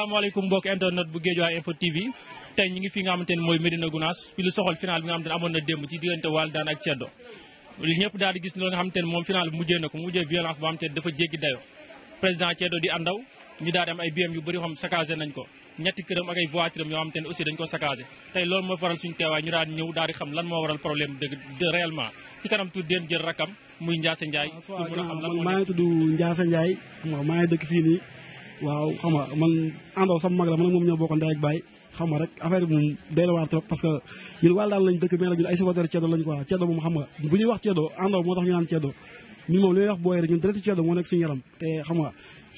assalamualaikum mbokk internet bu Guédiawaye info TV tay ñi ngi fi nga xamantene moy medina Médina Gounass fi lu soxal final bi nga xamantene amon na dem ci digënté waldan ak Ceddo li ñëpp daal di gis loolu nga xamantene mom final bu mujjé nako mujjé violence boo xamante ne dafa jéggi dayo président Ceddo di andaw ñu daal dem ay bm yu bari xam saccagé nañ ko ñetti kërëm ak ay voiture am xamantene aussi dañ ko saccagé tay lool mo faral suñu téwa ñu daal ñëw daal di xam lan mo waral problème de réellement ci kanam tu den jël rakam muy Ndiasse Ndiaye ah, pour mën a xam lan ngi tuddu Ndiasse Ndiaye ma ngi dëkk fi ni waaw xam nga man àndoo sama mag la man moom ñoo bokk ndey ak baay xam nga rek affaire bi moom doy na waar trop parce que ñun wàll daan lañ dëkk mais nag ñun ay supporter ceddo lañ quoi ceddo moom xam nga bu ñuy wax ceddo àndoo moo tax ñu naan ceddo ñun moom li ñuy wax booy rek ñun direct ceddo moo nekk suñu yaram te xam nga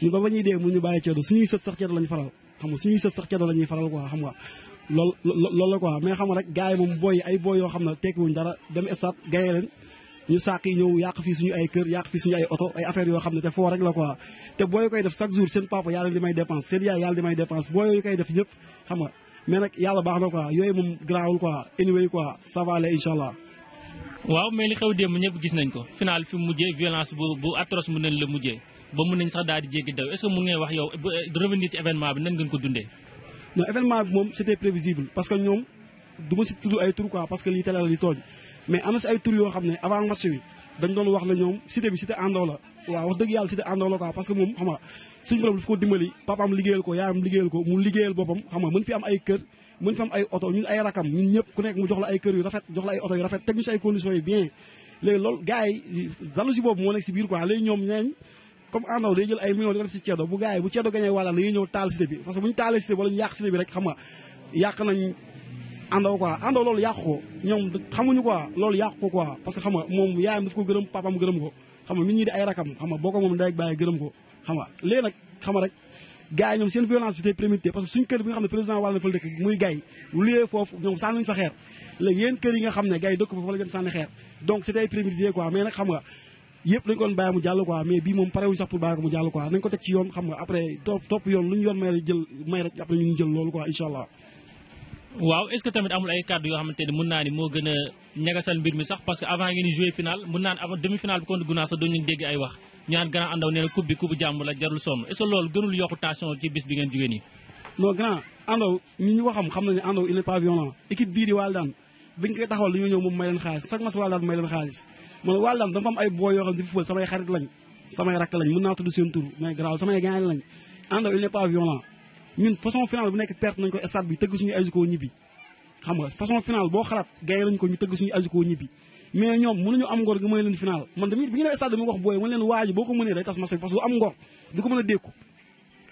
ñun ba ba ñuy dee mun ñu bàyyi ceddo suñuy sët sax ceddo lañ faral xam nga suñuy sët sax ceddo lañuy faral quoi xam nga loolu loolu la quoi mais xam nga rek gars yi booy ay booy yoo xam ne tekkiwuñ dara dem stade gaye ñu sàq yi ñëw yàq fii suñu ay kër yàq fii suñu ay oto ay affaire yoo xam ne te foo rek la quoi te booy koy def chaque jour seen papa yàlla di may dépense seen yaay yàlla di may dépense booy koy def ñëpp xam nga yàlla baax na quoi yooyu moom garaawul quoi anyway quoi ça va waaw mais li xew démb ñëpp gis nañ ko final fi mujjee violence bu bu atroce mën la mujjee ba mën nañ sax daal jéggi daw est-ce que mën wax yow euh, revenir ko dundee non événement bi moom c'était prévisible que ñoom mais am na si ay tur yoo xam ne avant match bi dañ doon wax la ñoom cité bi cité àndoo la waaw wax dëgg yàlla cité àndoo la quoi parce que moom xam nga suñu borom daf ko dimbali papaam liggéeyal ko yaayam liggéeyal ko mu liggéeyal boppam xam nga mën fi am ay kër mën fi am ay oto ñun ay rakam ñun ñëpp ku nekk mu jox la ay kër yu rafet jox la ay oto yu rafet teg ñu si ay conditions yu bien léegi loolu gars yi boobu moo nekk si biir quoi léegi ñoom ñeeñ àndoo quoi àndoo loolu yàqu ko ñoom xamuñu quoi loolu yàqu ko quoi parce que xam nga moom yaayam daf ko gërëm papaam gërëm ko xam nga boo ko moom day bàyyi gërëm ko xam nga léegi nag xam nga rek gars yi ñoom seen violence muy gars yi luyee foofu ñoom sànni nañ fa xeer léegi yéen kër yi nga xam ne gars dëkk fa fa la jëm sànni xeer donc c'était prémédité quoi mais nag xam nga yëpp dañ ko doon bàyyi mu jàll quoi mais bii moom pare sax pour bàyyi ko mu jàll quoi nañ ko teg ci yoon xam nga après topp yoon lu ñu yoon may rek waaw est-ce que tamit amul ay kàddu yoo xamante ni mën naa ni moo gën a ñagasal mbir mi sax parce que avant ngeen di jouer final mën naa ni avant demi final bi contre Gounass sax doon ñu dégg ay wax ñu naan Grand Andaw nee na bi coupe jàmm la jarul sonn est-ce loolu gënul yokku tension ci bis bi ngeen jógee nii non Grand Andaw ni ñu waxam xam na ne Andaw il n'est pas violent équipe bii di Wally Dann biñ koy taxawal dañoo ñëw moom may leen xaalis chaque match Wally Dann may naa tudd seen tur ñun façon finale bu nekk perte nañ ko stade bi tëgg suñu Azuko ñibbi xam nga façon finale boo xalaat gagné nañ ko ñu tëgg suñu Azuko ñibbi mais ñoom mënuñu am ngor nga mën leen man tamit bi ñu def stade bi ma wax booy mën leen waaji boo ko mënee day tas marché bi parce que du am ngor du ko mën a dékku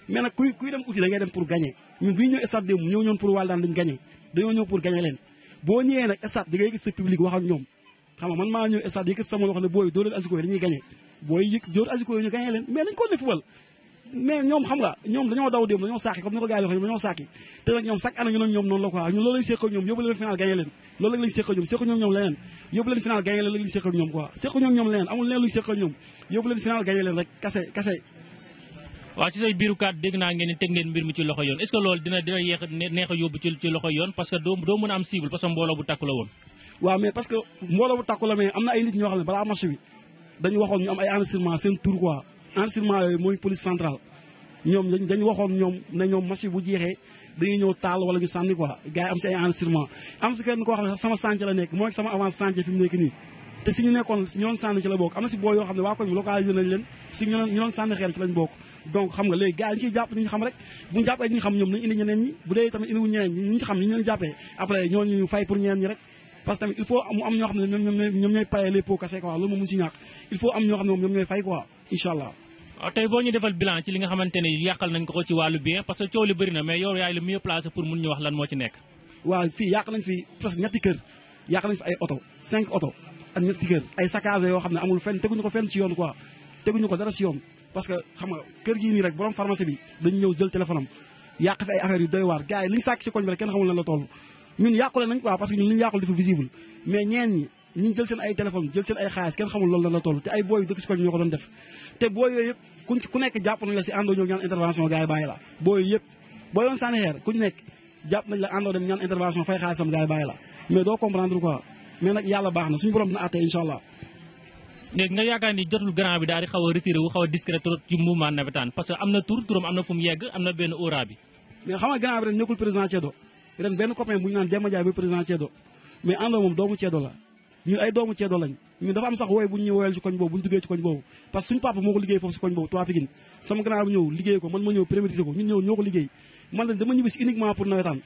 mais nag kuy kuy dem uti da dem pour gagné ñun bi ñu ñëw stade démb ñëw ñoon pour wàll daan dañ dañoo ñëw pour gagné leen boo ñëwee nag stade da ngay man maa ñëw stade yëkkat booy dóor leen Azuko yi dañuy gagné booy mais ñoom xam nga ñoom dañoo daw dem dañoo saaki comme ni ko gars yi waxee dañoo saaki te nag ñoom chaque année ñu ñoom la quoi ñun loolu lañ séq mbooloo bu takku la woon waaw mais parce mbooloo bu takku la mais am na ay nit ñoo xam ne balaa marché bi dañu waxoon ñu am ay enregistrement seen tour quoi enregistrement yooyu mooy police centrale ñoom dañ dañ waxoon ñoom ne ñoom match bu jeexee dañuy ñëw taal wala ñu sànni quoi gars yi am si ay enregistrement am si kenn koo xam ne sama sànc la nekk mooy sama avance sànc fi nekk nii te si ñu nekkoon ñu sànni ci la bokk am na si boo yoo xam ne waa koñ bi localisé nañ leen si ñu doon sànni xeer ci lañ bokk donc xam nga léegi gars ñu ciy jàpp ñu xam rek bu jàppee ñu ñu xam ñu leen jàppee après ñooñu fay parce que tamit il faut mu am ñoo xam ne ñoom ñoom mu am ñoo xam ne moom ñoom fay quoi incha allah waaw ah, tey boo ñu defal bilan ci li nga xamante ne yàqal nañ ko ci wàllu bien parce que coow li bëri na mais yow yaay le mieux placé pour mun ñu wax lan moo ci nekk waaw fii yàq nañ fi presque ñetti kër yàq nañ fi ay oto cinq oto ak ñetti kër ay saccage yoo xam ne amul fenn teguñu ko fenn ci yoon quoi teguñu ko dara ci yoon parce que xam nga kër gii nii rek borom pharmacie bi dañu ñëw jël téléphone am yàq ñun yàqule nañ quoi parce que ñun li ñu yàqule dafa visible mais ñeen ñi ñu ngi jël seen ay téléphone jël seen ay xaalis kenn xamul loolu la la toll te ay booy yu dëkk si ko ñoo ko doon def te booy yooyu yëpp ku nekk jàpp nañ la si àndoo ñëw ñaan intervention gars yi bàyyi la booy yëpp booy doon sànni ku nekk jàpp nañ la àndoo dem ñaan intervention fay xaalisam gars bàyyi la mais doo comprendre quoi mais nag yàlla baax na suñu borom dina àtte incha allah ni jotul grand bi daal di xaw a a discret trop ci mouvement navétane ren benn copain bu ñu naan Demba Ndiaye président Ceddo mais Ando moom doomu Ceddo la ñun ay doomu Ceddo lañ ñun dafa am sax wooy bu ñu woyal ci koñ boobu bu ñu duggee ci koñ boobu parce que suñu moo ko liggéey foofu si koñ boobu trois Pikine sama grand bi ñëw liggéey ko man ma ñëw prémédité ko ñun ñëw ñoo ko liggéey man la dama ñibbisi uniquement pour nawetaan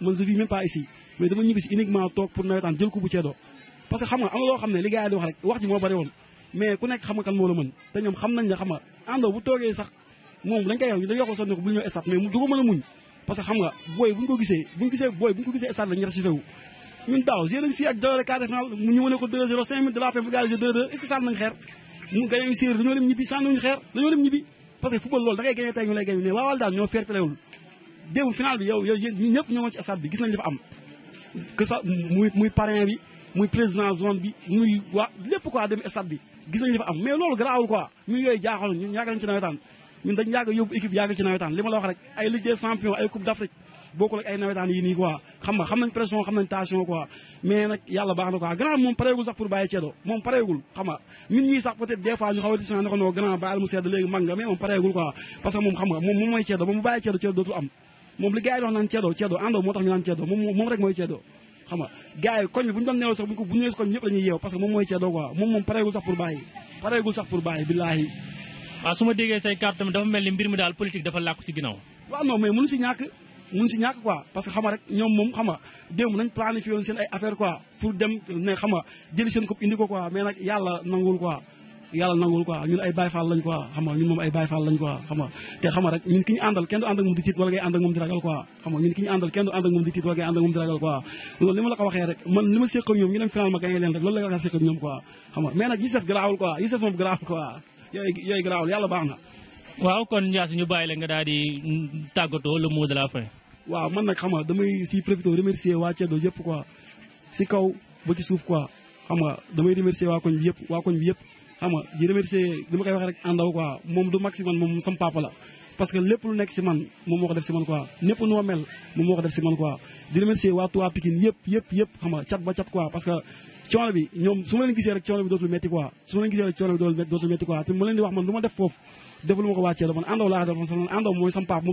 man je vis même pas ici mais dama ñibbisi uniquement toog pour nawetaan jël ko bu Ceddo parce na loo xam ku bu parce que xam nga booy buñ ko gisee buñ gisee booy buñ ko gisee stade la ñu ressuscité wu ñun daaw jé nañ fii ak doole quart de finale mu ñëw ne ko 2 0 5 minutes de la fin mu égalisé 2 2 est ce que sànni nañ xeer mu gagné séeréer dañoo dem ñibbi sànni nañu xeer dañoo dem ñibbi parce que football loolu da ngay gagné tey ñu lay gagné mais waawal daal ñoo fair playul démb final bi yow yow ñi ñëpp ñoo ci stade bi gis nañ dafa am que ça muy muy parrain bi muy président zone bi muy waa lépp quoi dem stade bi gis nañ dafa am mais loolu garaawul quoi ñun yooyu jaaxal ñun yàgg nañ ci nawetaan ñun dañ yàgg yóbbu équipe yàgg ci nawetaan li la wax rek ay Ligue des champions ay coupe d'Afrique bokkul ak ay nawetaan yi nii quoi xam xam nañ pression xam nañ tension quoi mais nag yàlla baax na quoi grand moom moom pareegul xam sax peut-être des fois a disant ne ko moom pareegul quoi parce que moom xam nga dootul am moom li gars yi wax naan ceedo ceedo àndoo tax ñu naan ceedo moom rek mooy ceedo xam nga koñ bi bu ñu doon sax bu ko bu ñëwee si waaw su ma déggee say carte tamit dafa mel ni mbir mi daal politique dafa làkku ci ginnaaw waaw non mais mënu si ñàkk mënu si ñàkk quoi parce que xam rek ñoom moom xam nga démb nañ planifié woon seen ay affaire quoi pour dem ne xam jëli seen coupe indi ko quoi mais nag yàlla nangul quoi yàlla nangul quoi ñun ay Baye Fall lañ quoi xam nga ñun moom ay Baye Fall lañ quoi xam nga te xam rek ñun ki àndal kenn du ànd moom di tiit wala ngay ànd yooyu yooyu garaawul yàlla baax na. waaw kon Ndiass ñu bàyyi la nga daal di tàggatoo le mot de la fin. waaw man nag xam nga damay si profité remercier waa Ceddo yëpp quoi si kaw ba ci suuf quoi xam nga damay remercier waa koñ bi yëpp waa koñ bi yëpp xam nga di remercier li ma koy waxee rek àndaw quoi moom du mag si man moom sam papa la. parce que lépp lu nekk si man moom moo ko def si man quoi népp nu ma mel moom moo ko def si man quoi di remercier waa yëpp yëpp yëpp xam nga cat coono bi ñoom su ma leen gisee rek coono bi dootul métti quoi su ma leen gisee rek coono bi dootul métti quoi te ma leen di wax man lu ma def foofu deful ma ko waa Thiel man àndaw laa def sax man àndaw mooy sam moom ma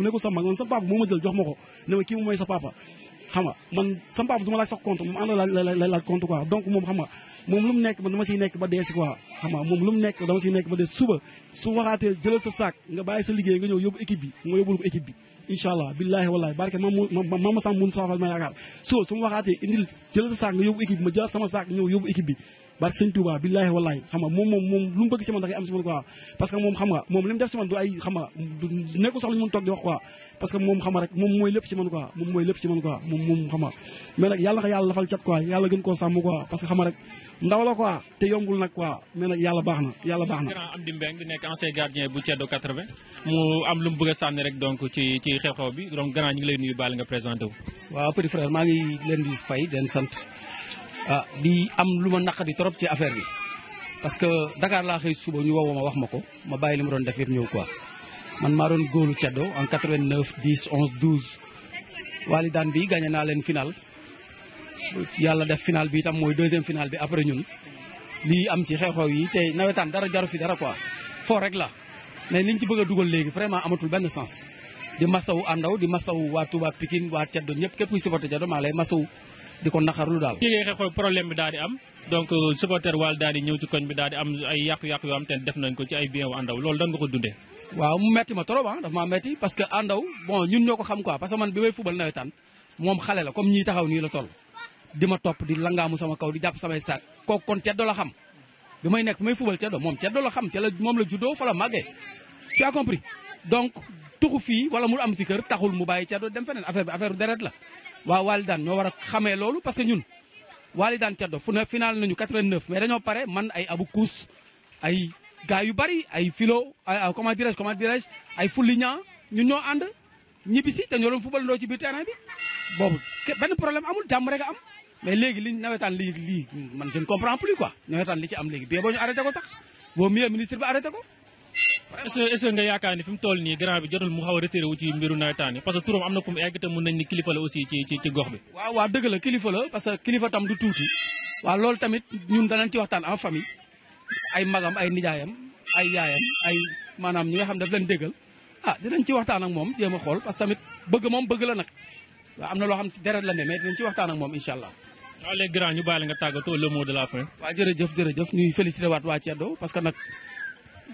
jël jox ma ko ne moom mooy sa papa man sam papa ma laaj sax compte moom àndaw la la laaj compte quoi donc moom xam moom lu mu nekk man dama siy nekk ba dee si quoi xam nga moom lu mu nekk dama incha allah billaahi wallaahi barke mam mam ma sam mun saafal ma yaakaar soo su ma waxaatee indil jëlal sa saak nga yóbbu équipe ma jëlal sama saak ñëw yóbbu équipe bi barke sëñ Touba billaahi wallaahi xam nga moom moom moom lu mu bëgg si man dafay am si man quoi parce que moom xam moom li mu def si man du ay xam nga nekkul sax ñu mën toog di wax quoi parce que moom xam rek ndaw la quoi te yombul nag quoi mais nag yàlla baax na yàlla baax na am di mbeng di mu am lu mu bëgg a sànni rek donc ci xew-xew bi donc gannaaw ñu lay nuyu baal nga présenté waaw petit frère maa ngi leen di fay den sant Ah, di am luma nakati torop ci affaire bi parce que Dakar la xey suba ñu woo ma wax mako ma bàyyi lim mu doon def yeb ñew quoi man ma doon góolu Ceddo en 89 10 11 12 walidan bi gagné na len final yalla def final bi tam moy deuxième final bi après ñun li am ci xew-xew yi tey nawetan dara jaru fi dara quoi foo rek la mais liñ ci bëgg duggal légui vraiment amatul ben sens di massaw andaw di massaw wa Touba Pikine wa Ceddo ñep képp kuy supporter Ceddo ma lay massaw di ko dal ñi ñu ngi problème bi daal di am donc euh, supporter wal daal di ñew ci koñ bi daal di am ay yak yak yoo am té def nañ ko ci ay bien wu andaw lool da nga ko dundé waaw mu metti ma trop ah daf ma metti parce que andaw bon ñun ñoko xam quoi parce que man bi may fubal nawetaan mom xalé la comme ñi taxaw ni la toll di top di langamu sama kaw di japp sama sac ko kon do la xam bi may may football may do mom moom do la xam ca la mom la juddoo fa la màggee tu as compris donc tuxu fi wala mu am fi keur taxul mu ci do dem fenen affaire affaire deret la waaw Walidane ñoo war a xamee loolu parce que ñun Walidane Ceddo fu ne final nañu 89 mais dañoo pare man ay Abou Kous ay gars yu bari ay Filo ay comment dirais-je comment dirais-je ay Foulignan ñun ñoo ànd ñibbi si te ñoo doon football ndoo ci biir terrain bi boobu benn problème amul jàmm rek a am mais léegi li nawetaan lii lii man je ne comprends plus quoi nawetaan li ci am léegi bien boo ñu arrêté ko sax boo mieux ministre bi arrêté ko. est-ce est nga yaakaar ni fi mu toll nii grand bi jotul mu xaw a retiré wu ci mbiru nawetaan yi parce que turam am na fu egg te mën nañ ni kilifa la aussi ci gox bi. waaw waaw dëgg la kilifa la parce kilifa tam du tuuti. waaw loolu tamit ñun danañ ci waxtaan en famille ay magam ay nijaayam ay yaayam ay maanaam ñi nga xam daf leen déggal ah dinañ ci waxtaan ak moom jéem a xool parce que tamit bëgg moom bëgg la nag waaw am na loo xam ci deret la ne mais ci waxtaan ak moom incha la nga tàggatoo le la fin. waaw jërëjëf jërëjëf ñuy félicité waat waa Ceddo parce que nag